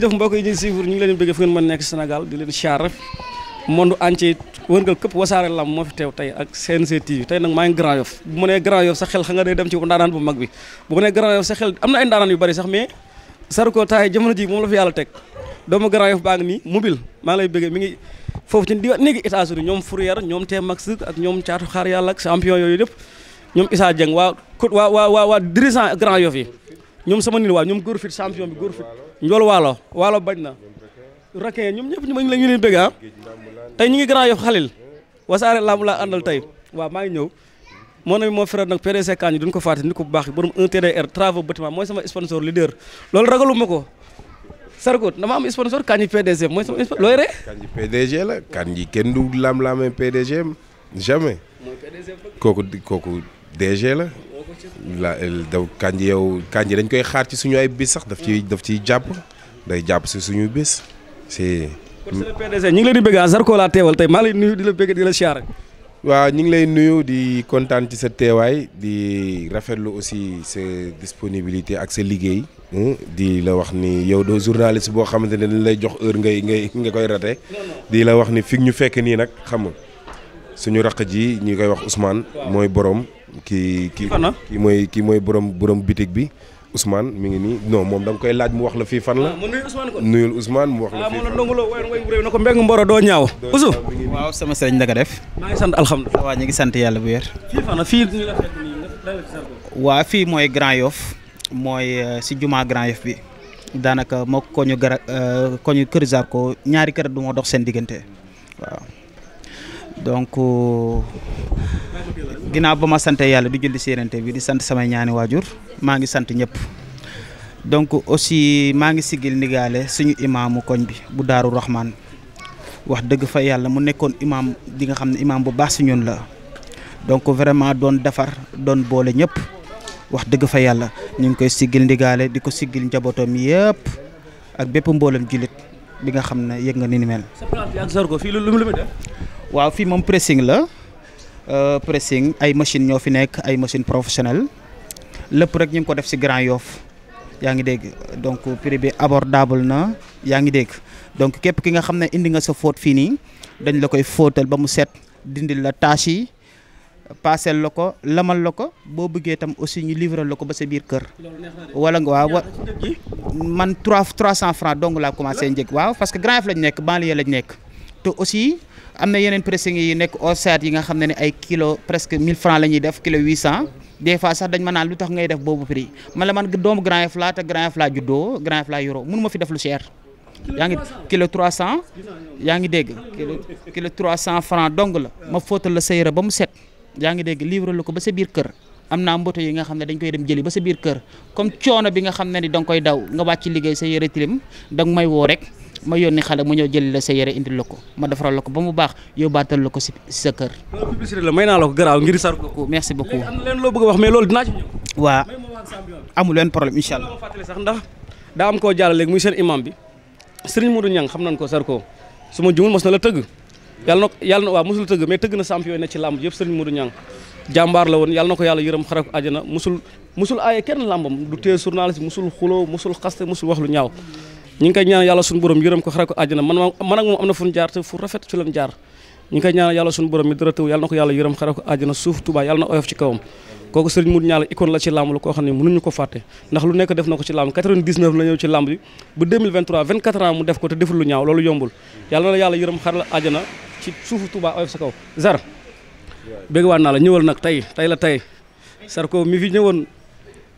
jërëjëf mbokk yi ñuy suivre ñu ngi leen di bëgg fu ngeen mën nekk Sénégal di leen char monde maa ngi Grand Yoff bu xel xam nga day dem ci ndaanaan bu mag bi bu ma nee Grand Yoff sa xel ay ndaanaan yu ji moom la fi yàlla teg doomu Grand Yoff baa ngi nii mobile maa ngi lay bëggee mi ngi foofu ci diwa néegi états ñoom Fourier ñoom T Max ak ñoom caatu xaar yàlla ak champion yooyu yëpp ñoom Issa Dieng waa waa waa waa dirigeant Grand Yoff yi ñoom sama nit waa ñoom góor fit champion bi góor fit njool waalo waalo bañ na ñoom ñëpp ñu ma ñu leen bëgg ah tey ñu ngi grand yof xalil wasaare laamu laa àndal tey waa maa ngi ñëw moo na mi moo frère nag PDC Kandji duñ ko fàtte ko ku baax bi borom 1TDR travaux bâtiment mooy sama sponsor leader loolu ragalu ma ko Sarko dama am sponsor Kandji PDG mooy sama sponsor looy ree Kandji PDG la Kandji kenn du lam-laamee PDG jamais kooku kooku DG la la daw Kandji yow Kandji dañ koy xaar ci suñu ay bis sax daf ciy daf ciy jàpp day jàpp si suñu bis si. kon PDG ñu ngi leen di bëgg Zarko laa teewal tey maa lay nuyu di la bëgg di la siyaare. waaw ñu ngi lay nuyu di kontaan ci sa teewaay di rafetlu aussi sa disponibilité ak sa liggéey. Hmm, di la wax ni yow doo journaliste boo xamante ne dañ lay jox heure ngay ngay nga koy rate di la wax ni fi ñu fekk nii nag xam suñu raq ji ñi koy wax usmaan mooy boroom kii kii kii mooy kii mooy borom borom bitig bi Ousmane mu ngi nii non moom da koy laaj mu wax la fii fan la. Ah, nuyul Ousmane mu wax la ah, fii fan la doo ñaaw. Ousou waaw sama sëriñ la nga def. maa ngi sant alhamdulilah ñu ngi sant yàlla bu wér. waa fii mooy Grand Yoff mooy euh, si jumaa Grand Yoff bi daanaka moo ko ñu gara euh, ko ñu kër ñaari kër du ma dox seen diggante waaw donc. Euh, ginnaaw ba ma sante yàlla di julli séerante bi di sant samay ñaani waajur maa ngi sant ñëpp donc aussi maa ngi sigil ndigaale suñu imaamu koñ bi bu daaru Rahman wax dëgg fa yàlla mu nekkoon imaam di nga xam ne imaam bu baax si ñun la donc vraiment doon defar doon boole ñëpp wax dëgg fa yàlla ñu ngi koy sigil ndigaale di ko sigil njabootam yëpp ak bépp mboolem jullit bi nga xam ne yëg nga ni mel. waaw fii moom pressing la. Euh, pressing ay machine ñoo fi nekk ay machine professionnelle lépp rek ñu ngi ko def si Grand yoof yaa ngi dégg donc prix bi abordable na yaa ngi dégg donc képp ki nga xam ne indi nga sa fóot fii nii dañ la koy fóotal ba mu set dindil la tâche yi paaseel la ko lamal la ko boo bëggee tam aussi ñu livrer la ko ba sa biir kër. wala nga waaw man trois trois cent francs dong laa commencé njëg waaw parce que Grand Yoff lañ nekk banlieue lañ nekk te aussi. am na yeneen pressing yi nekk au stade yi nga xam ne ne ay kilo presque 1000 francs la ñuy def kilo 800 des fois sax dañ ma naan lu tax ngay def boobu prix man la man doomu Grand Yoff laa te Grand Yoff laa juddoo Grand Yoff laa yoroo mënu fi def lu cher. yaa ngi kilo 300 yaa ngi dégg kilo kilo cent francs dong la ma fóotal la sa yére ba mu set yaa ngi dégg livre lu ko ba sa biir kër am naa mboto yi nga xam ne dañ koy dem jëli ba sa biir kër comme coono bi nga xam ne ni danga koy daw nga wàcc liggéey sa yére tilim danga may woo rek. ma yónni xale mu ñëw jëli la sa yére indil la ko ma defaral la ko ba mu baax yóbbaatal la ko si sa kër. may naa la ko garaaw ngir sar ko. merci beaucoup léegi am na leen loo a wax mais loolu dinaa waa amul leen problème incha allah. sax ndax daa am koo jàll léegi muy seen imam bi Serigne Modou Niang xam nañ ko su ma jumul mos na la tëgg yàlla na yàlla na waaw mosul tëgg mais tëgg na champion ne ci làmb yëpp Serigne Modou Niang jàmbaar la woon yàlla na ko yàlla yërëm xarak àjjana musul musul aaye kenn làmbam du tee journaliste musul xuloo musul xaste musul wax lu ñaaw ñi ngi yàlla suñu borom yërëm ko xare ko àjjana man moom am na fu ñu jaar te fu rafet ci lañ jaar ñi ngi koy ñaan yàlla suñu borom mi dara tëw yàlla na ko yàlla yërëm xare ko àjjana suuf Tuubaa yàlla na oyof ci kawam la koo xam ne mënuñu ko fàtte ndax lu na ko ci làmb 99 la ñëw ci làmb bi na yàlla yërëm xare la àjjana ci suufu ñëwal nag tey tey la tey Sarko mi fi ñëwoon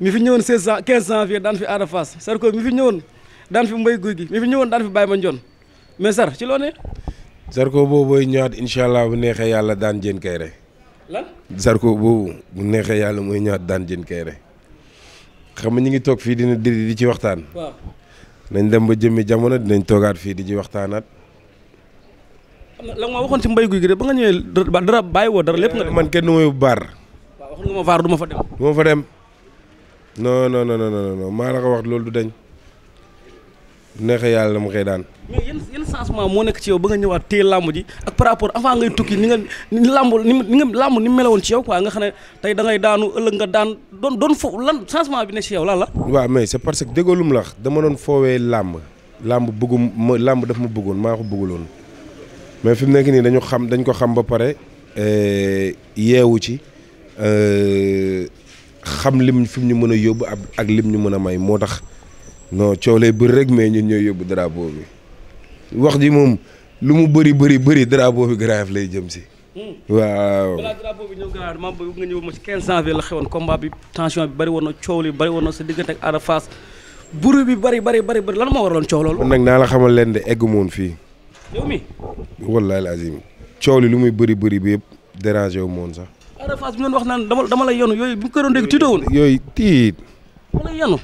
mi fi ñëwoon 16 ans 15 ans fii daan fi Ada Fass Sarko mi fi ñëwoon daan fi mbay guy gi mi ñëwoon daan fi bàyyi ma njoon mais sar ci loo ne. Zarko boobu booy allah bu neexee yàlla daan jën kay rek. lan Zarko boobu bu neexee yàlla mooy ñëwaat daan jën kay rek xam nga ñu ngi toog fii dina diri di ci waxtaan. waaw dem ba jëmmi jamono dinañ toogaat fii di ci waxtaanaat. xam nga waxoon ci mbay guy gi de ba nga ñëwee dara bàyyi woo dara lépp nga. man kenn mooy baar. waaw wax nga ma baar du ma fa dem. du ma fa maa la ko wax loolu du dañ. neex yàlla mu koy daan. mais yan yan moo nekk ci yow ba nga ñëwaat téye làmb ji ak par rapport avant ngay tukki ni nga ni làmb ni nga làmb ni meloon ci yow quoi nga xam ne tey da daanu ëllëg nga daan doon doon fo lan changement bi ne ci yow lan la. waa mais c'est parce que déggoo lu mu la dama doon foowee làmb làmb bëggum ma làmb dafa ma bëggoon maa ko bëgguloon mais fi mu nekk nii dañu xam dañ ko xam ba pare eh, yeewu ci eh, xam lim fi mu ñu mën a yóbbu ak lim ñu mën a may moo tax. non coow lay bëri rek mais ñun ñooy yóbbu drapeau bi wax ji moom lu mu bëri bëri bëri drapeau bi Grand lay jëm si. Hmm. waaw balaa drapeau bi ñëw Grand la xewoon combat bi tension bi woon na coow li bëri woon na sa diggante ak Ada Fass buru bi bëri bëri bëri bëri lan moo waraloon coow loolu. nag naa la xamal leen de eggu moon fii. yow mi wallaahi lazim coow li lu muy bëri bëri bi yëpp dérangé wu moon sax. Ada Fass bi ñu wax naan dama dama lay yanu yooyu bi mu ko doon dégg tiitoo woon. yooyu tiit. dama lay yanu.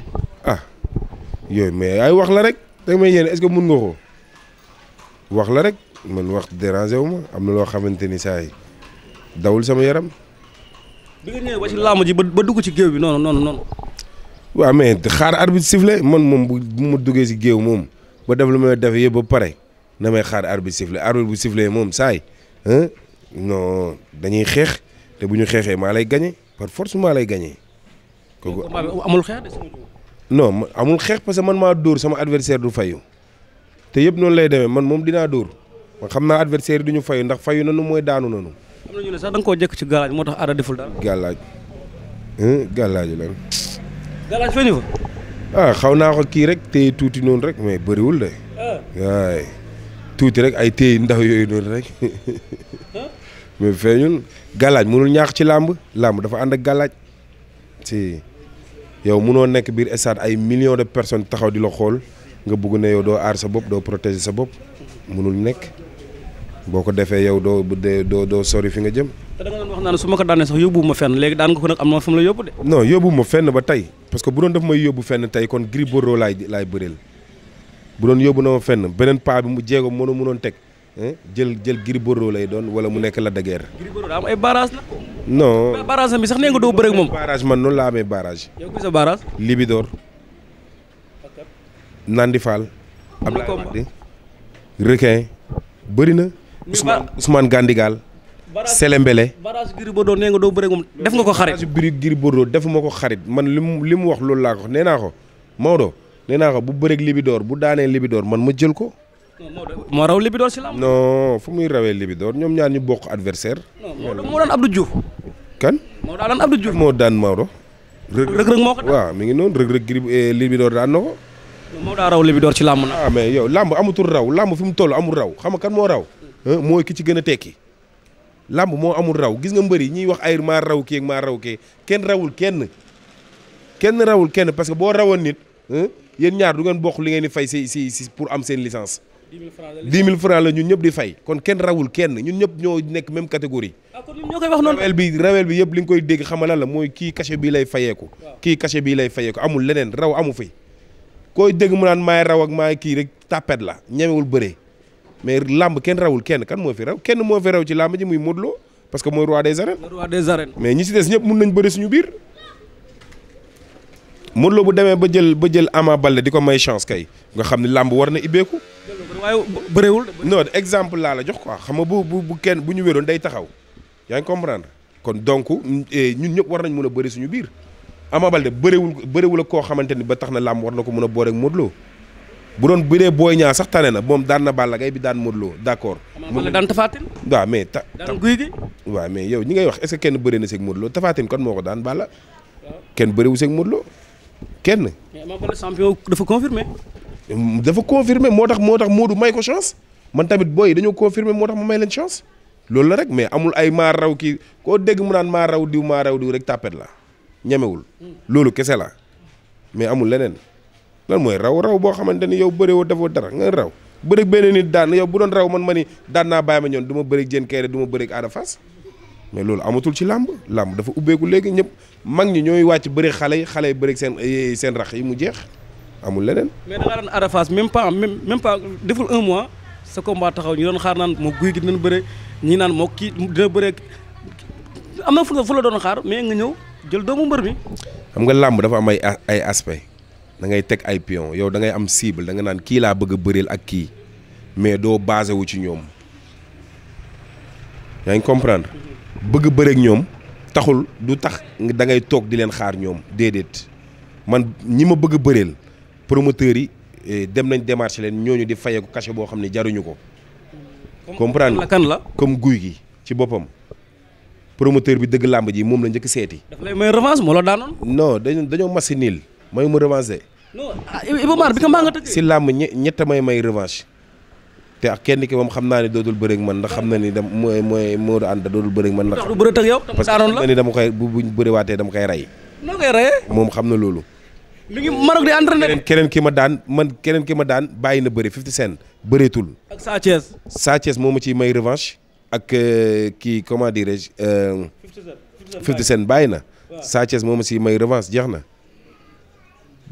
yooyu mais ay wax la rek da may yéen est que mun nga ko wax la rek man wax dérangé wu ma am na loo xamante ni saay dawul sama yaram. bi nga ñëwee ba ci làmb ji ba dugg ci géew bi noonu noonu noonu. waaw mais xaar arbitre sifflé man moom bu ma duggee si géew moom ba def lu may def yëpp ba pare na may xaar arbitre sifflé arbitre bu sifflé moom saay non dañuy xeex te bu ñu xeexee maa lay gañe par force maa lay gañe kooku amul non amul xeex parce que man maa dóor sama adversaire du fayu te yëpp noonu lay demee man moom dinaa dóor man xam naa adversaire du ñu fayu ndax na nanu mooy daanu nanu. sax da nga koo jëkk ci galaaj moo tax aada deful daal. galaaj galaaj la. Ah, xaw naa ko kii rek téye tuuti noonu rek mais bariwul de. Ah. waay tuuti rek ay téye ndaw yooyu noonu rek ah. mais feeñul galaaj mënul ñaax ci làmb làmb dafa ànd ak galaaj si. yow munoo nekk biir stade ay millions de personnes taxaw di la xool nga bugg ne yow doo aar sa bopp doo protéger sa bopp munul nekk boo ko defee yow doo doo doo sori fi nga jëm. te da nga doon su ma ko daanee sax yóbbu ma fenn léegi daan nga ko nag am na fu mu la yóbbu de. non yóbbu ma fenn ba tey parce que bu doon def may yóbbu fenn tey kon Gris Bordeaux laay laay bëreel bu doon yóbbu na ma fenn beneen paa bi mu jéego mënu munoon teg jël jël Gris lay doon wala mu nekk la de non barrage bi sax nee nga doo bëreeg moom. barrage man noonu laa amee barrage. yow kuy sa barrage. Libidor. Nandi Fall. na. Ousmane Ousmane Gandigal. Selembele. barrage Gris Bordeaux nee nga doo bëreeg moom def nga ko xarit. barrage bi Gris defuma ko xarit man li mu li mu wax loolu laa ko nee naa ko Maodo nee naa ko bu bëreeg Libidor bu daanee Libidor man ma jël ko. moo raw Libidor si la non fu muy rawee Libidor ñoom ñaar ñu bokk adversaire Modou moo daan Abdou Diouf. kan moo daan Abdou Diouf moo rëg rëg moo ko daan waaw mi ngi noonu rëg rëg eh, Libidor moo daa raw Libidor ci làmb na. ah yow làmb amatul raw làmb fi mu toll amul raw xam nga kan moo raw. mooy ki ci gën a tekki. làmb moo amul raw gis nga mbëri ñuy wax ay maa raw kii ak maa raw kii kenn kenn. rawul kenn parce que boo rawoon nit yéen ñaar du ngeen bokk li ngeen di fay si si pour am seen licence. dix mille francs la ñun ñëpp di fay kon kenn rawul kenn ñun ñëpp ñoo nekk même catégorie ah, rawel bi rawel bi yëpp li nga koy dégg xamala la mooy kii cachet bii lay fayeeku kii cachet bii lay fayeeku amul leneen raw amu fi koy dégg mu naan maay raw ak maay kii rek tapet la ñemewul bëree mais làmb kenn rawul kenn kan moo fi raw kenn moo fi raw ci làmb ji muy Modou Lo mooy roi des arènes. mais ñi si des ñëpp mun nañ bari suñu biir Modou bu demee ba jël ba jël Ama Baldé di ko may chance kay nga xam ni làmb war na ibbeeku. waaye bëreewul. non exemple laa la jox quoi xam nga bu bu bu kenn bu ñu wéroon day taxaw yaa ngi comprendre kon donc eh, ñun ñëpp war nañ mën a bëri suñu biir Ama Baldé bëriwul bëriwul ak koo xamante ni ba tax na làmb war na ko mën a boore ak Modou bu doon bëree Boy Niang sax tane na moom daan na Balla Gaye bi daan Modou Lo d'accord. Ama Baldé daan Tapha Tine. waaw mais ta. mais yow ñi ngay wax est-ce que kenn bëri na seeg Modou Lo Tapha kon moo ko daan Balla. kenn bëriwu seek Modou kenn. mais Ama dafa confirmé. dafa confirmé moo tax moo tax Modou may ko chance man tamit booy dañoo confirmé moo tax ma may leen chance loolu la rek mais amul ay maa raw kii koo dégg mu naan maa raw diw maa raw diw rek tàppet la ñemewul. Hmm. loolu kese la mais amul leneen lan mooy raw raw boo xamante ni yow bëre woo defoo dara nga raw bëre benn nit daan yow bu doon raw man ma ni daan naa bàyyi ma ñoon du ma bëre jën kayre du ma bëre aada fas mais loolu amatul ci làmb làmb dafa ubbeeku léegi ñëpp mag ñi ñooy wàcc bëri xale yi xale yi bëri seen eh, seen rax yi mu jeex amul leneen. mais da ngaa daan Ada Fass même pas même même pas deful un mois sa combat taxaw ñi doon xaar naan moo guy gi dinañ bëre ñi naan moo kii dina bëre am na fu nga fu la doon xaar mais nga ñëw jël doomu mbër mi xam nga làmb dafa am ay ay aspect da ngay teg ay pion yow da ngay am cible da nga naan kii laa bëgg a bëreel ak kii mais doo basé wu ci ñoom yaa comprendre. bëgg bëreek ñoom taxul du tax da ngay toog di leen xaar ñoom déedéet man ñi ma bëgg bëreel promoteurs yi eh, dem nañ démarché leen ñooñu di fayeeku cachet boo xam ne jaruñu ko. comprendre kan la comme guy gi ci boppam. promoteur bi dëgg làmb ji moom la njëkk seeti. daf lay may revanche moo daanoon. dañoo dañoo mas si niil may mu revanche de. non ah, nga maa si làmb ñett may may revanche. te ak kenn ki moom xam naa ne dootul bëreeg man ndax xam na ni dama mooy mooy Modou Anta dootul bëreeg man. ndax du bëreet ak yow parce que ni dama koy bu buñ bëriwaatee dama koy rey. noo koy reyee. moom xam na loolu. mi ngi Maroc keneen ki ma daan man keneen ki ma daan bàyyi na bëri 50 Cent bëreetul. ak Sa Thiès. Sa ma ciy may revanche ak euh, kii comment dirais-je. 50 euh, Cent bàyyi na. waaw Sa Thiès moo ma ciy may revanche jeex na.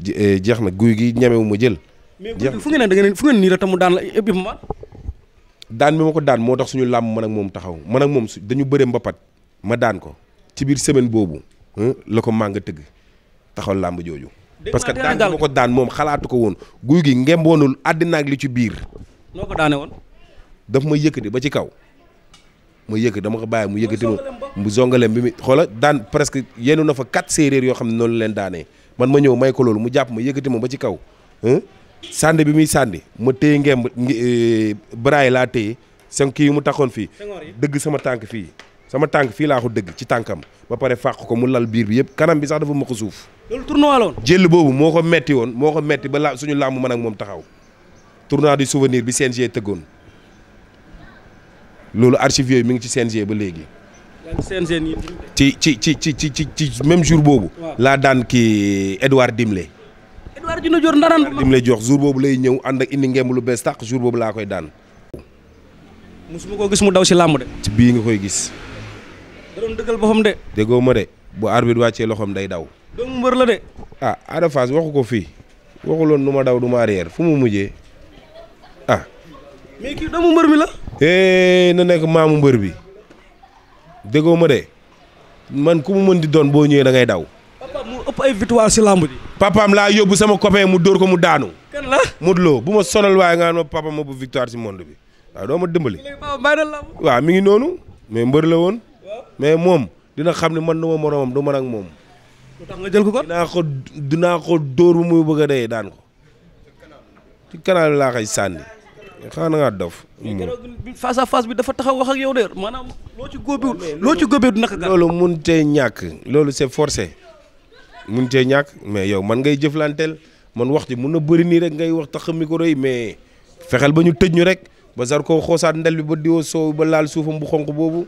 Euh, jeex na guy gi ñemewu ma jël. mais fu ngeen ne da ngeen fu ngeen nii la tamu daan la équipement daan bi ma ko daan moo tax suñu làmb man ak moom taxaw man ak moom su dañu bëre mbapat ma daan ko ci biir semaine boobu la ko maa nga tëgg taxaw làmb jooju parce que daan bi ma ko daan moom xalaatu ko woon guy gi ngemboonul àddina ak li ci biir noo ko daane woon daf ma yëkkati ba ci kaw ma yëkkati dama ko bàyyi mu yëkkati mu zongaleem bi mu xoola daan presque yenu na fa quatre séeréer yoo xam ne noonu leen daanee man ma ñëw may ko mu jàpp ma yëkkati ma ba ci kaw sànni bi muy sàndi ma téye ngemb e, baraay laa téye seen kii mu taxoon fii dëgg sama tànk fii sama tànk fii laa ko dëgg ci tànkam ba pare fàq ko mu lal biir bi yëpp kanam bi sax dafa ma ko suuf. loolu tournoi jël boobu moo ko metti woon moo ko metti ba la suñu làmb man ak moom taxaw tournoi du souvenir bi CNG tëggoon loolu archive yooyu mi ngi ci CNG ba léegi. ci ci ci ci ci ci même jour boobu. laa daan kii Edouard Dimlé. Daara ju la jor ndaraan lim lay jox jour boobu lay ñëw ànd ak indi ngemb lu bees tàq jour boobu laa koy daan. musuma koo gis mu daw si làmb de. ci bii nga koy gis. da doon dëggal boppam de. déggoo ma de bu wàccee loxoom day daw. doomu mbër la de. ah Ada waxu ko fii waxuloon nu ma daw du ma arrière fu mu mujjee ah. mais kii doomu mbër mi la. Eh, na nekk maamu mbër bi déggoo ma de man ku mu mën di doon boo ñëwee da ngay daw. papa mu ay victoire si papaam laa yóbbu sama copain mu dóor ko mu daanu. kan la bu ma sonal waaye nga xam ne papa moo bu doo ma dimbali. waaw mi ngi noonu. mais mbër la woon. mais moom dina xam ne man du ma moromam du ak moom. lu nga jël ko kon dinaa dinaa ko dóor bu bëgg a dee daan ko. ci canal laa koy sànni. xanaa na ngaa dof. face à bi dafa taxaw wax ak yow de maanaam ci góobee loo ci góobee du naka. loolu mun te ñàkk loolu c'est forcé. mu cee ñàkk mais yow man ngay jëflanteel man wax ji mun na bëri nii rek ngay wax tax mikoro yi mais fexeel ba ñu tëj ñu rek ba Zarko xoosaat ndel bi ba diwoo soow ba laal suufam bu xonq boobu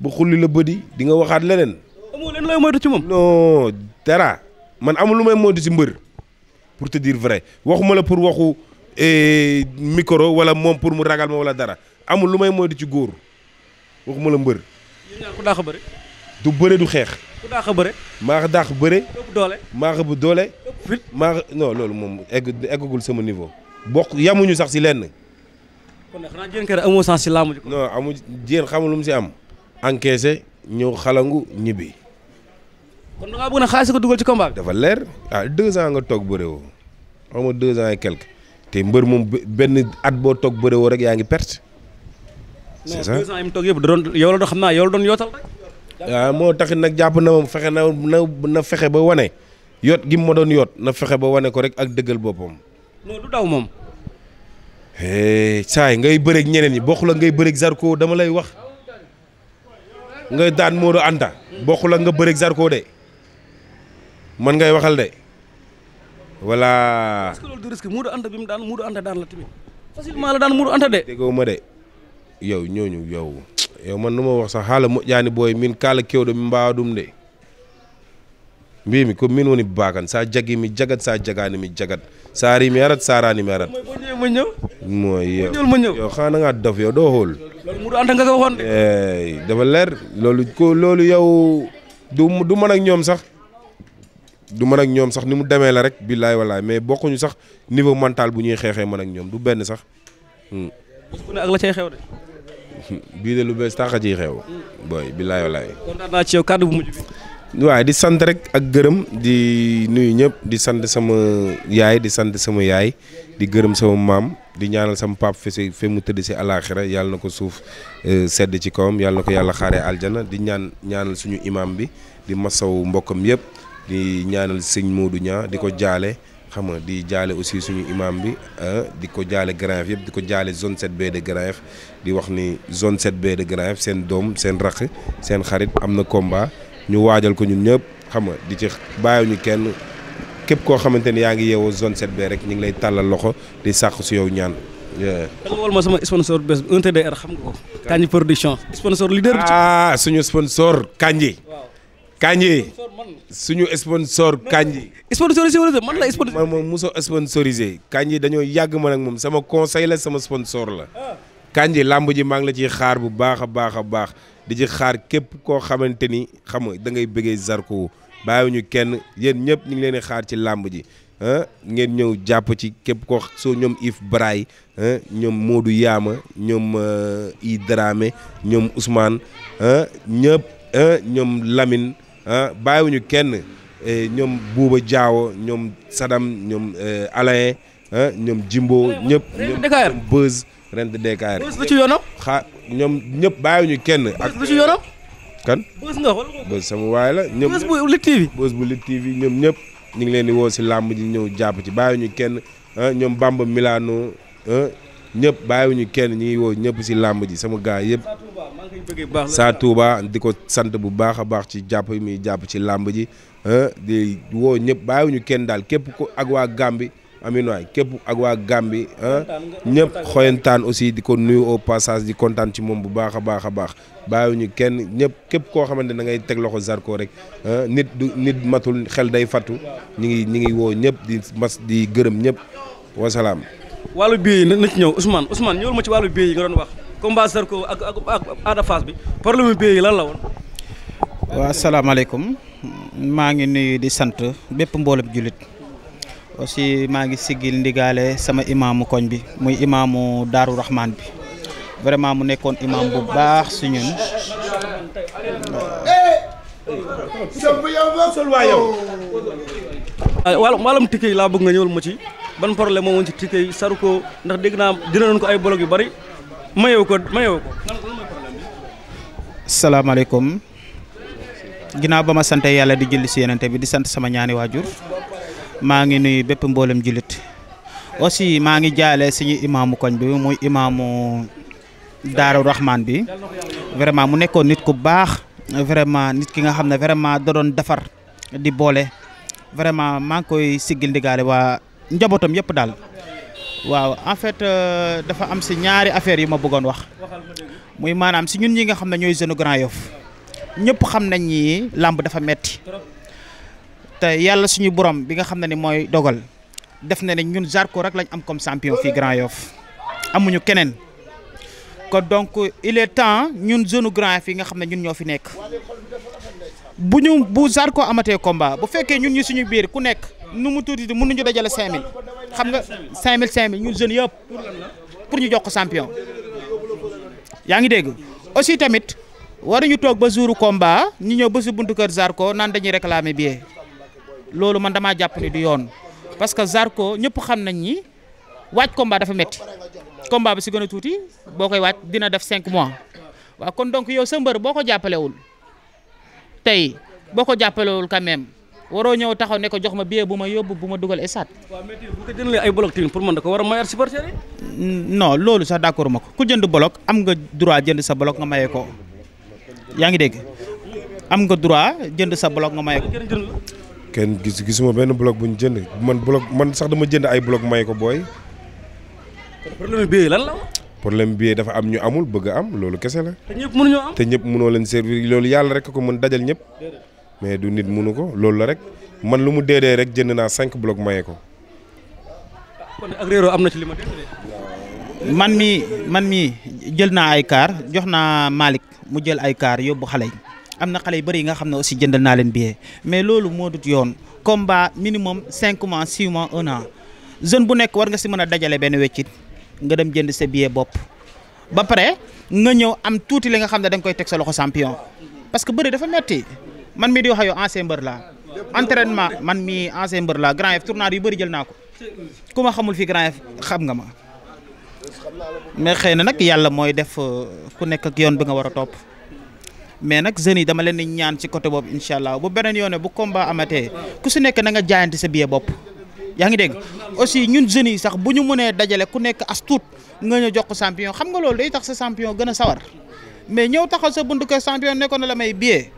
ba xulli la bëdi di nga waxaat leneen. amoo leen lay ci moom. non dara man amul lu may moytu ci mbër pour te dire vrai waxuma la pour waxu eh, micro wala moom pour mu ragal ma wala dara amul lu may moytu ci góor waxuma la mbër. du bëre du xeex. ku dàq bëre. maa ko doole maa bu doole. fit loolu moom egg sama niveau. bokk yamuñu sax si lenn. kon nag xanaa jën kër amoo sens si laamu. non amu lu mu si am. encaissé ñëw xalangu ñibbi. kon da ngaa bëgg na xaalis ko dugal dafa leer ah deux ans nga toog bëre woo xam nga deux ans et quelque te mbër moom benn at boo toog bëre woo rek yaa ngi perte. c'est ça non deux ans yi mu toog yëpp da yow doon xam waaw ah, moo taxit nag jàpp na moom fexe na na na fexe ba wane yoot gi ma doon yoot na fexe ba wane ko rek ak dëggal boppam. non du daw moom. Eh, saay ngay bëreeg ñeneen yi bokkul ak ngay bëreeg Zarko dama lay wax nga daan Modou Anta. bokkul nga nga bëreeg koo de man ngay waxal de voilà. est-ce loolu du risque Modou bi mu daan Modou Anta daan la tamit facilement la daan Modou Anta de. déggoo ma de yow ñooñu yow. yow man nu ma wax sax haala moƴƴani ɓooye min kaala kewɗo mi mbawa ɗum de mbimi ko min woni bakan sa jaggi mi jagat sa jagani jagat sa arat sa arat mooy yow xana nga dof yow ɗo hool dafa leer loolu yow du du mën ak ñoom sax du mën ak ñoom sax ni mu demee la rek billaay wallaay mais bokkuñu sax niveau mental bu ñuy xeexee man ak ñoom du benn sax. Hmm. ak bii de lu bees tax ciy xew. booy billaay walaay. kontaan bu mujj bi. waaw di sant rek ak gërëm di nuyu ñëpp di sant sama yaay di sant sama yaay di gërëm sama maam di ñaanal sama pap fi mu tëdd si alaaxira yàlla na ko suuf eh, sedd ci kawam yàlla na ko yàlla xaare aljana di ñaan ñaanal suñu imaam bi di masaw mbokkam yëpp di ñaanal sëñ Modou Niang di ko jaale. xam nga di jaale aussi suñu imaam bi ah, di ko jaale Grand Yoff yëpp di ko jaale zone 7B de di wax ni zone 7B de Grand Yoff seen doom seen rakk seen xarit am na combat ñu waajal ko ñun ñëpp xam nga di ci ñu kenn képp koo xamante ni yaa ngi yeewoo zone 7 rek ñu ngi lay tàllal loxo di sàq su yow ñaan. da ma sama sponsor bés bu UNTDR xam nga ko. Kanji production sponsor leader bi. ah suñu sponsor Kanji. Kanji suñu sponsor Kanji. sponsorisé wala man la sponsorisé. man moom mosoo sponsorisé Kanji dañoo yàgg ma ak moom sama conseil la sama sponsor la. Ah. Kandji làmb ji maa la ciy xaar bu baax a baax a baax di ci xaar képp koo xamante ni xam nga da ngay bëggee Zarko ñu kenn yéen ñëpp ñu ngi leen xaar ci làmb ji ngeen ñëw jàpp ci képp koo soo ñoom Yves baraay ñoom Modou Yaama ñoom I euh, drame ñoom Ousmane ñëpp ñoom Lamine bàyyiwuñu kenn ñoom Bouba Diawo ñoom Sadam ñoom euh, Alain ñoom Jimbo ñëpp ñoom Buzz ren di DKR. bës lu ci yoonam. xa ñoom ñëpp bàyyiwuñu kenn. ak lu kan bës sama waay la. ñoom bës bu Lutte TV. ñoom ñëpp ñu ngi leen di woo si làmb ji ñëw jàpp ci ñu kenn ah, ñoom Bamba Milano ah, ñëpp bàyyiwuñu kenn ñu ngi woo ñëpp si làmb ji sama gaa yëpp. saa Touba di ko sant bu baax a baax ci jàpp mi jàpp ci làmb ji ah, di woo ñëpp bàyyiwuñu kenn daal képp ko ak waa Gàmbi amin waay képp ak waa Gàmbi ñëpp xoyantaan aussi di ko nuyu au passage di kontaan ci moom bu baax a baax a baax bàyyiwuñu kenn ñëpp képp koo xamante ne ngay teg loxo Zarko rek nit du nit matul xel day fattu ñi ngi ñi ngi woo ñëpp di mas di gërëm ñëpp wasalaam. wàllu biir yi na ci ñëw Ousmane Ousmane ñëwul ma ci wàllu biir yi nga doon wax combat Zarko ak ak ak Ada Fass bi problème biir yi lan la woon. waaw asalaamaaleykum maa ngi nuyu di sant bépp mboolem jullit. aussi maa ngi siggil ndigaale sama imaamu koñ bi muy imaamu Daaru Rahman bi vraiment mu nekkoon imaam bu baax si ñun. waaw wàllum ticket yi laa bëgg nga ñëwal ma ci ban problème moo woon ci ticket saru ko ndax dégg naa dina doon ko ay bolog yu bari mayewu ko mayewu ko. salaamaaleykum ginnaaw ba ma sant yàlla di julli si yenente bi di sant sama ñaani waajur maa ngi nuyu bépp mboolem jullit aussi maa ngi jaale suñu imaamu koñ bi muy imaamu Daaru raxmaan bi vraiment mu nekkoon nit ku baax vraiment nit ki nga xam ne vraiment da doon defar di boole vraiment maa ngi koy siggil ndigaale waa njabootam yëpp daal waaw en fait euh, dafa am si ñaari affaire yi ma bëggoon wax muy maanaam si ñun ñi nga xam ne ñooy jeune Grand yof ñëpp xam nañ ni làmb dafa metti te yàlla suñu borom bi nga xam ne ni mooy dogal def na ne ñun Zarko rek lañ am comme champion fii Grand Yoff amuñu keneen kon donc il est temps ñun zone Grand Yoff yi nga xam ne ñun ñoo fi nekk bu ñu bu Zarko amatee combat bu fekkee ñun ñi suñu biir ku nekk nu mu mun nu ñu dajale 5000 xam nga 5000 5000 ñun jeunes yëpp pour ñu jox ko champion yaa ngi dégg aussi tamit waruñu toog ba jouru combat ñu ñëw ba si buntu kër Zarko naan dañuy réclamer billet. loolu man damaa jàpp ni du yoon parce que Zarko ñëpp xam nañ ni waaj combat dafa metti combat bi si gën a tuuti boo koy waaj dina def 5 mois waaw kon donc yow sa mbër boo ko jàppalewul tey boo ko jàppalewul quand même waroo ñëw taxaw ne ko jox ma billet bu ma yóbbu bu ma dugal esat waaw mais bu ko jëndalee pour mën da ko war a mayaat supporter yi non loolu sax d'accord ma ko ku jënd bloc am nga droit jënd sa bloc nga mayee ko yaa ngi dégg am nga droit jënd sa bloc nga mayee ko kenn gis gisuma benn bloc bu ñu jënd man bloc man sax dama jënd ay bloc may ko booy. problème bi lan la. problème bi dafa am ñu amul bëgg am loolu kese la. te ñëpp mënuñoo te ñëpp mënoo leen servir loolu yàlla rek ko mën dajal ñëpp. mais du nit mënu ko loolu la rek man lu mu dee dee rek jënd naa cinq bloc maye ko. kon ak am na ci li ma man mii man mii jël naa ay kaar jox naa Malick mu jël ay kaar yóbbu xale yi. am na xale yu bëri yi nga xam ne aussi jëndal naa leen billet mais loolu moo dut yoon ba minimum 5 mois 6 mois 1 an jeune bu nekk war nga si mën a dajale benn weccit nga dem jënd sa billet bopp. ba pare nga ñëw am tuuti li nga xam ne da koy teg sa loxo champion parce que bëri dafa metti man mii di wax ak yow ancien mbër laa entraînement man mii ancien mbër laa Grand F tournoi yu bëri jël naa ko ku ma xamul fi Grand F xam nga ma. mais xëy na nag yàlla mooy def euh, ku nekk ak yoon bi nga war a topp. mais nag jeunes yi dama leen di ñaan si côté boobu incha allah bu beneen yoone bu combat amatee ku si nekk na nga jaayante sa billet bopp. yaa ngi dégg aussi ñun jeunes yi sax bu ñu mënee dajale ku nekk as tuut nga ñu jox ko champion xam nga loolu day tax sa champion gën a sawar mais ñëw taxal sa bunt kër champion nekkoon na la may billet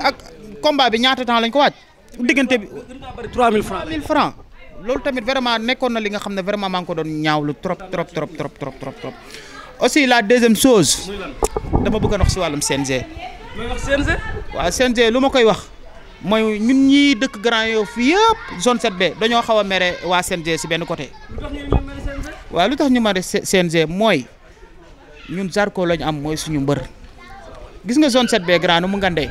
ak combat bi ñaata temps lañ ko waaj. diggante bi 3000 francs 3000 francs loolu tamit vraiment nekkoon na li nga xam ne vraiment maa ngi ko doon ñaawlu trop trop trop trop trop trop. aussi la deuxième chose dama bëgg a wax si wàllum CNG. mooy wax CNG. lu ma koy wax mooy ñun ñii dëkk Grand Yoff fii yëpp zone 7 dañoo xaw a mere waa CNG si benn côté. waa lu tax ñu mere CNG mooy ñun ko lañu am mooy suñu mbër gis nga zone 7B nu mu ngandee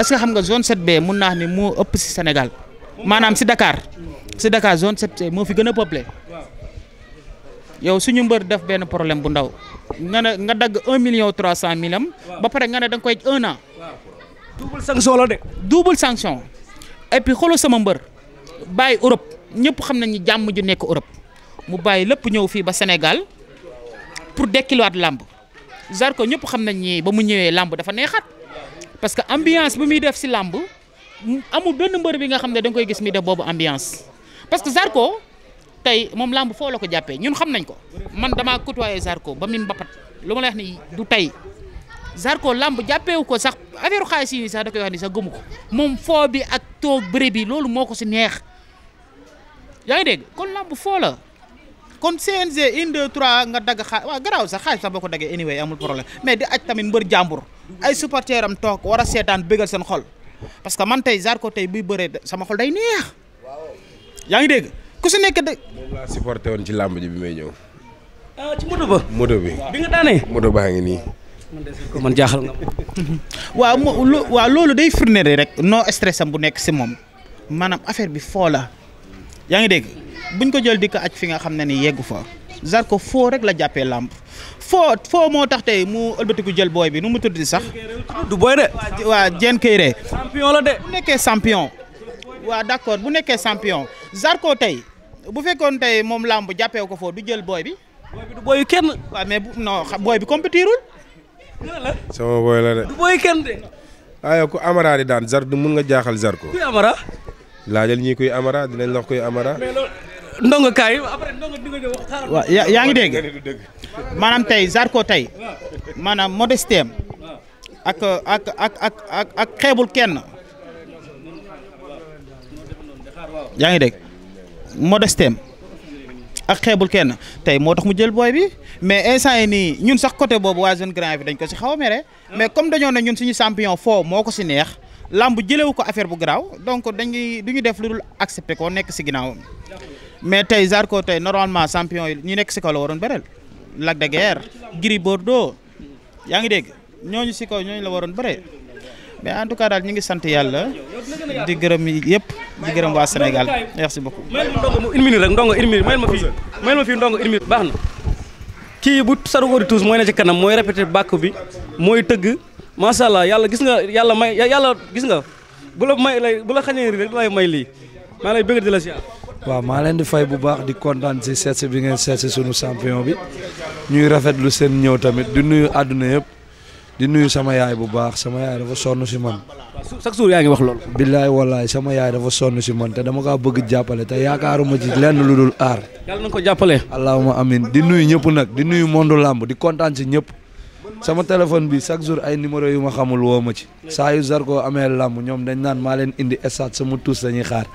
est que xam nga zone 7B mun naa ni moo ëpp si Sénégal maanaam si dakaar si Dakar zone 7 moo fi gën a peuplé. yow suñu mbër def benn problème bu ndaw nga ne nga dagg un million trois cent mille ba pare nga ne danga nga koy un an. double sanction la de. double sanction et puis sama mbër bàyyi Europe ñëpp xam nañu jàmm ju nekk Europe mu bàyyi lépp ñëw fii ba Sénégal pour dekkiluwaat làmb Zarko ñëpp xam nañ ni ba mu ñëwee làmb dafa neexaat parce que ambiance bi muy def si làmb amul benn mbër bi nga xam ne da koy gis mi def boobu ambiance parce que tey moom làmb foo la ko jàppee ñun xam nañ ko man damaa côtoyé Zarko ba min bapat lu ma la wax ni du tey Zarko làmb jàppeewu ko sax affaire xaalis yi sax da koy wax ni ko moom foo bi ak toog bëre bi loolu moo ko si neex yaa ngi dégg kon làmb foo la kon CNG une deux trois nga dagg xaalis waaw garaaw sax xaalis sax boo ko daggee anyway amul problème mais di aj tamit mbër jàmbur ay supporter am toog war a seetaan bëggal seen xol parce que man tey Zarko tey buy bëree sama xol day neex yaa ngi dégg ku si nekk de. moom laa woon ci làmb ji bi may ñëw. ah ci moto ba. moto bi bi nga daanee. moto baa ngi nii. man jaaxal nga waaw loolu day firnde rek non stress bu nekk si moom maanaam affaire bi foo la yaa ngi dégg buñ ko jël di ko fi nga xam ne ni yeggu fa Zarko foo rek la jàppee làmp foo foo moo tax tey mu ëlbatiku jël booy bi nu mu tudd sax. du booy de. waa Diène Kairé. champion la de. bu nekkee champion. waa d'accord bu nekkee champion Zarko tey. bu fekkoon tey moom làmb jàppeewu ko foofu du jël booy bi. booy bi du booyu kenn. booy bi compétirul. sama booy la de. du booyu kenn de. aywa ah, ku amara di daan zar du mun nga jaaxal zar ko. kuy amara. laajal ñii kuy amara dinañ la wax amara. mais loolu yaa ngi dégg maanaam tey Zarko tey maanaam modestem ak xeebul kenn yaa ngi dégg modestem ak xeebul kenn tey moo tax mu jël booy bi mais instant yi nii ñun sax côté boobu waa jeune grand bi dañ ko si xaw a mais comme dañoo ne ñun suñu champion foo moo ko si neex làmb jëlewu ko affaire bu garaaw donc dañuy du ñu def lu dul accepté ko nekk si ginnaawam mais tey Zarko tey normalement champion yi ñu nekk si kaw la waroon bëreel Lac de Guiers Gris Bordeaux yaa ngi dégg ñooñu si kaw ñooñu la waroon bëree mais en tout cas daal ñu ngi sant yàlla di gërëm yëpp di gërëm waa Sénégal merci beaucoup. mayel ma ndongo une ma fii mayel ma fii ndongo une minute baax na kii bu Sadou Odu Touss mooy ne ci kanam mooy répété bàkk bi mooy tëgg macha allah yàlla gis nga yàlla may yàlla gis nga bu la may lay bu la xañee rek da may lii maa lay bëgg di la si waaw maa leen di fay bu baax di kontaan si seet si bi ngeen seet si sunu champion bi ñuy lu seen ñëw tamit di nuyu àdduna yëpp. di nuyu sama yaay bu baax sama yaay dafa sonn si man. chaque jour yaa ngi wax loolu. billaay wallaay sama yaay dafa sonn si man te dama ka bëgg jàppale te yaakaaruma ci lenn lu dul aar. yàlla ko jàppale. allahuma amin di nuyu ñëpp nag di nuyu monde làmb di kontaan si ñëpp. sama téléphone bi chaque jour ay numéro yu ma xamul woo ma ci. saa yu Zarko amee làmb ñoom dañ naan maa leen indi stade sama tuus dañuy xaar.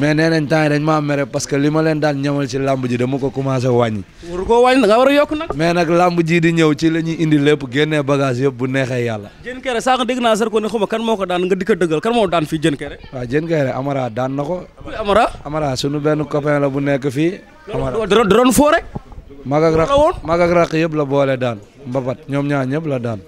mais nee nañ temps yi dañ maa mere parce que li ma leen daan ñamal ci làmb ji dama ko commencé wàññi. waru koo wàññi da war a yokk nag. mais nag làmb di ñëw ci la ñuy indi lépp génnee bagage yëpp bu neexee yàlla. jën kere sax dégg naa sar ko moo ko daan nga di ko dëggal kan moo daan fii jën kere. waaw jën kere Amara daan na ko. Amara Amara sunu benn copain la bu nekk fii. Amara doon foo rek. mag ak raq yëpp la boole daan mbapat ñoom ñaar ñëpp la daan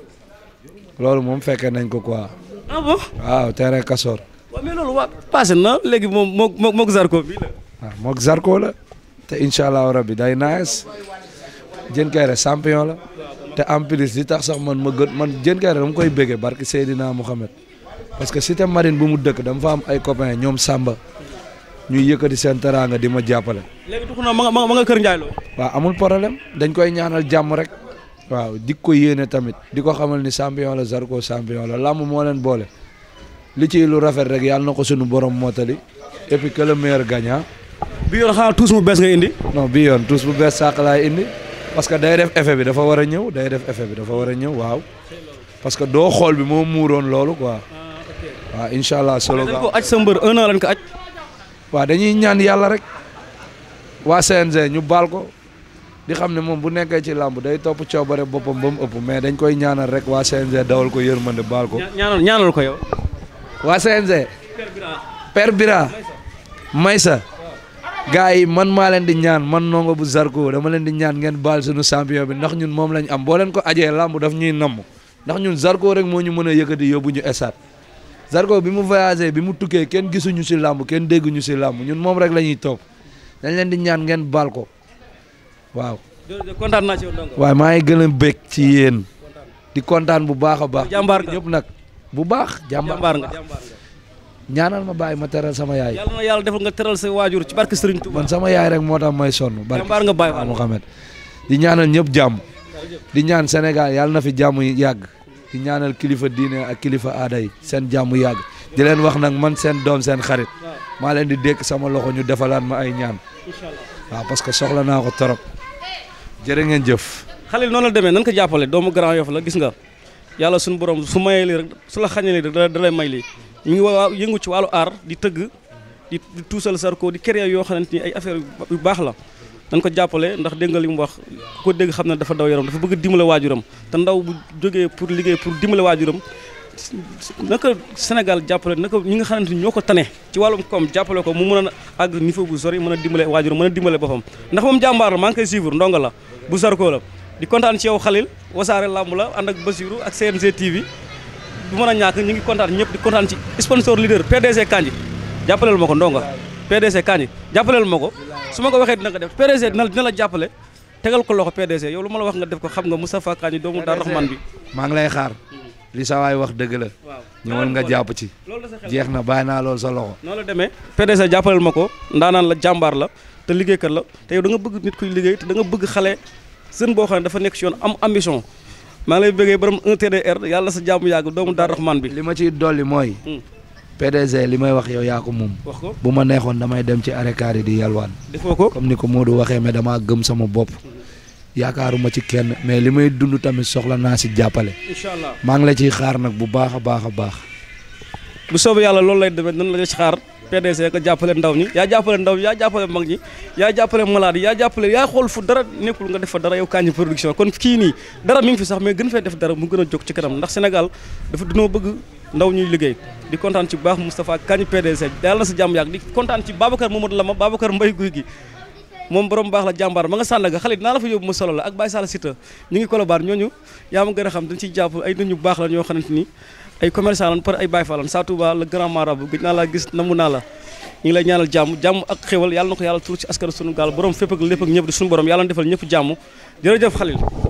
loolu moom fekkee nañ ko quoi. ah bon Kasoor waaw mais loolu waa passé na léegi moom moo moog Zarko bii la. waaw ah, moog Zarko la te incha allahu rabbi day nice Diène Kaïré champion la te en plus li tax sax man ma gën man Diène Kaïré dama koy béggee barki Seydina Mohamed parce que cité marine bu mu dëkk dama fa am ay copains ñoom Samba ñuy yëkkati seen teraanga di ma jàppale. léegi tuxu na ma nga ma nga Kër Ndiaye loo. waaw amul problème dañ koy ñaanal jàmm rek waaw di ko yéene tamit di ko xamal ni champion la Zarko champion la làmb moo leen boole. li ci lu rafet rek yàlla na ko suñu borom mootali et puis que bi yoon xanaa tuus bu bees nga indi. non bi yoon tuus bu bees sàq laay indi parce que day def effet bi dafa war a ñëw day def effet bi dafa war a ñëw waaw parce que doo xool bi moom muuroon loolu quoi waaw incha allah. Ah, solo dañ ko aj un an lañ ko aj. waaw dañuy ñaan yàlla rek waa CNG ñu baal ko di xam ne moom bu nekkee ci làmb day topp coobare boppam ba mu ëpp mais dañ koy ñaanal rek waa CNG dawal ko yërmande baal ko. ko waa CNG Père Bira Maysa gars yi man maa leen di ñaan man nongo bu Zarko dama leen di ñaan ngeen baal suñu champion bi ndax ñun moom lañ am boo leen ko ajee làmb daf ñuy namm ndax ñun Zarko rek moo ñu mën a yëkkati yóbbu ñu esat Zarko bi mu voyagé bi mu tukkee kenn gisuñu si làmb kenn dégguñu si làmb ñun moom rek la ñuy topp dañ leen di ñaan ngeen baal ko waaw. kontaan naa ci waaye maa ngi gën bég ci yéen di kontaan bu baax a baax. jàmbaar ñëpp nag. bu baax jàmbaar nga ñaanal ma bàyyi ma teral sama yaay yàlla na defal nga teral sa waajur ci barke Serigne Touba man sama yaay rek moo tax may sonn barke jàmbaar nga bàyyi di ñaanal ñëpp jàmm di ñaan Sénégal yàlla na fi jàmm yàgg di ñaanal kilifa diine ak kilifa aada yi seen jàmm yàgg di leen wax nag man seen doom seen xarit maa leen di dékk sama loxo ñu defalaat ma ay ñaan waaw parce que soxla naa ko torop jërë ngeen jëf xalil noonu la demee nan ko jàppale doomu Grand Yoff la gis nga yàlla suñu borom su mayee lii rek su la xañalee rek da lay may lii ñu ngi waa yëngu ci wàllu aar di tëgg di tuusal Zarko di créer yoo xamante ni ay affaire yu baax la dañ ko jàppale ndax dégg li mu wax ku ko dégg xam ne dafa daw yaram dafa bëgg dimbale waajuram te ndaw bu jógee pour liggéey pour dimbale waajuram naka Sénégal jàppale naka ñi nga xamante ni ñoo ko tane ci wàllum koom jàppale ko mu mën a àgg niveau bu sori mën a dimbale waajuram mën a dimbale bopp ndax moom jàmbaar la koy suivre ndongo la bu Zarko la di kontaan ci yow Khalil wasaare làmb la ànd ak Basirou ak CNG TV du mën a ñàkk ñu ngi kontaan ñëpp di kontaan ci sponsor leader PDC Kandji jàppaleel ma ko ndonga PDC Kandji jàppaleel ma ko su ma ko waxee dina ko def PDC dina dina la jàppale tegal ko loxo PDC yow lu ma la wax nga def ko xam nga Moustapha Kandji doomu Daaru Rahman bi maa ngi lay xaar li sa waay wax dëgg la ñëwal nga jàpp ci jeex na bàyyi naa lool sa loxo noonu la demee PDC jàppaleel ma ko ndaanaan la jàmbaar la te liggéeykat la te yow da nga bëgg nit kuy liggéey te da nga bëgg xale seen boo xam ne dafa nekk si yoon am ambition maa lay bëggee borom 1TDR yàlla sa jàmm yàgg doomu Daar Rahman bi. li ma ciy dolli mooy. Hmm. PDG li may wax yow yaa ko moom. wax ko bu ma neexoon damay dem ci arekaar yi di yalwaan. defoo ko comme ni ko moo Modou waxee mais damaa gëm sama bopp. yaakaaruma ci kenn mais li may dund tamit soxla naa si jàppale. incha allah maa ngi la ciy xaar nag bu baax a baax a baax. bu soobee yàlla loolu lay demee nan la ci xaar. PDC nga jàppale ndaw ñi yaa jàppale ndaw ñi yaa jàppale mag ñi yaa jàppale malade yi yaa jàppale yaa xool fu dara nekkul nga def fa dara yow Kandji production kon kii nii dara mi fi sax mais gën fee def dara mu gën a jóg ci kanam ndax Sénégal dafa dunoo bëgg ndaw ñuy liggéey di kontaan ci bu baax Moustapha Kandji PDC yàlla na sa jàmm yàgg di kontaan ci Babacar Mamadou Lama Babacar Mbaye Guy gi moom borom baax la jàmbaar ma nga sànnaga xale dinaa la fa yóbbu ma solo la ak Baye a xam baax la ñoo xamante ni ay commerçant lan par ay Baye Fall lan Sa Touba le grand marabout gëj naa laa gis namu naa la ñu lay ñaanal jàmm jàmm ak xéwal yàlla na ko yàlla tur ci askar sunu gaal borom fépp ak lépp ak ñëpp di suñu borom yàlla defal ñëpp jàmm jërëjëf Khalil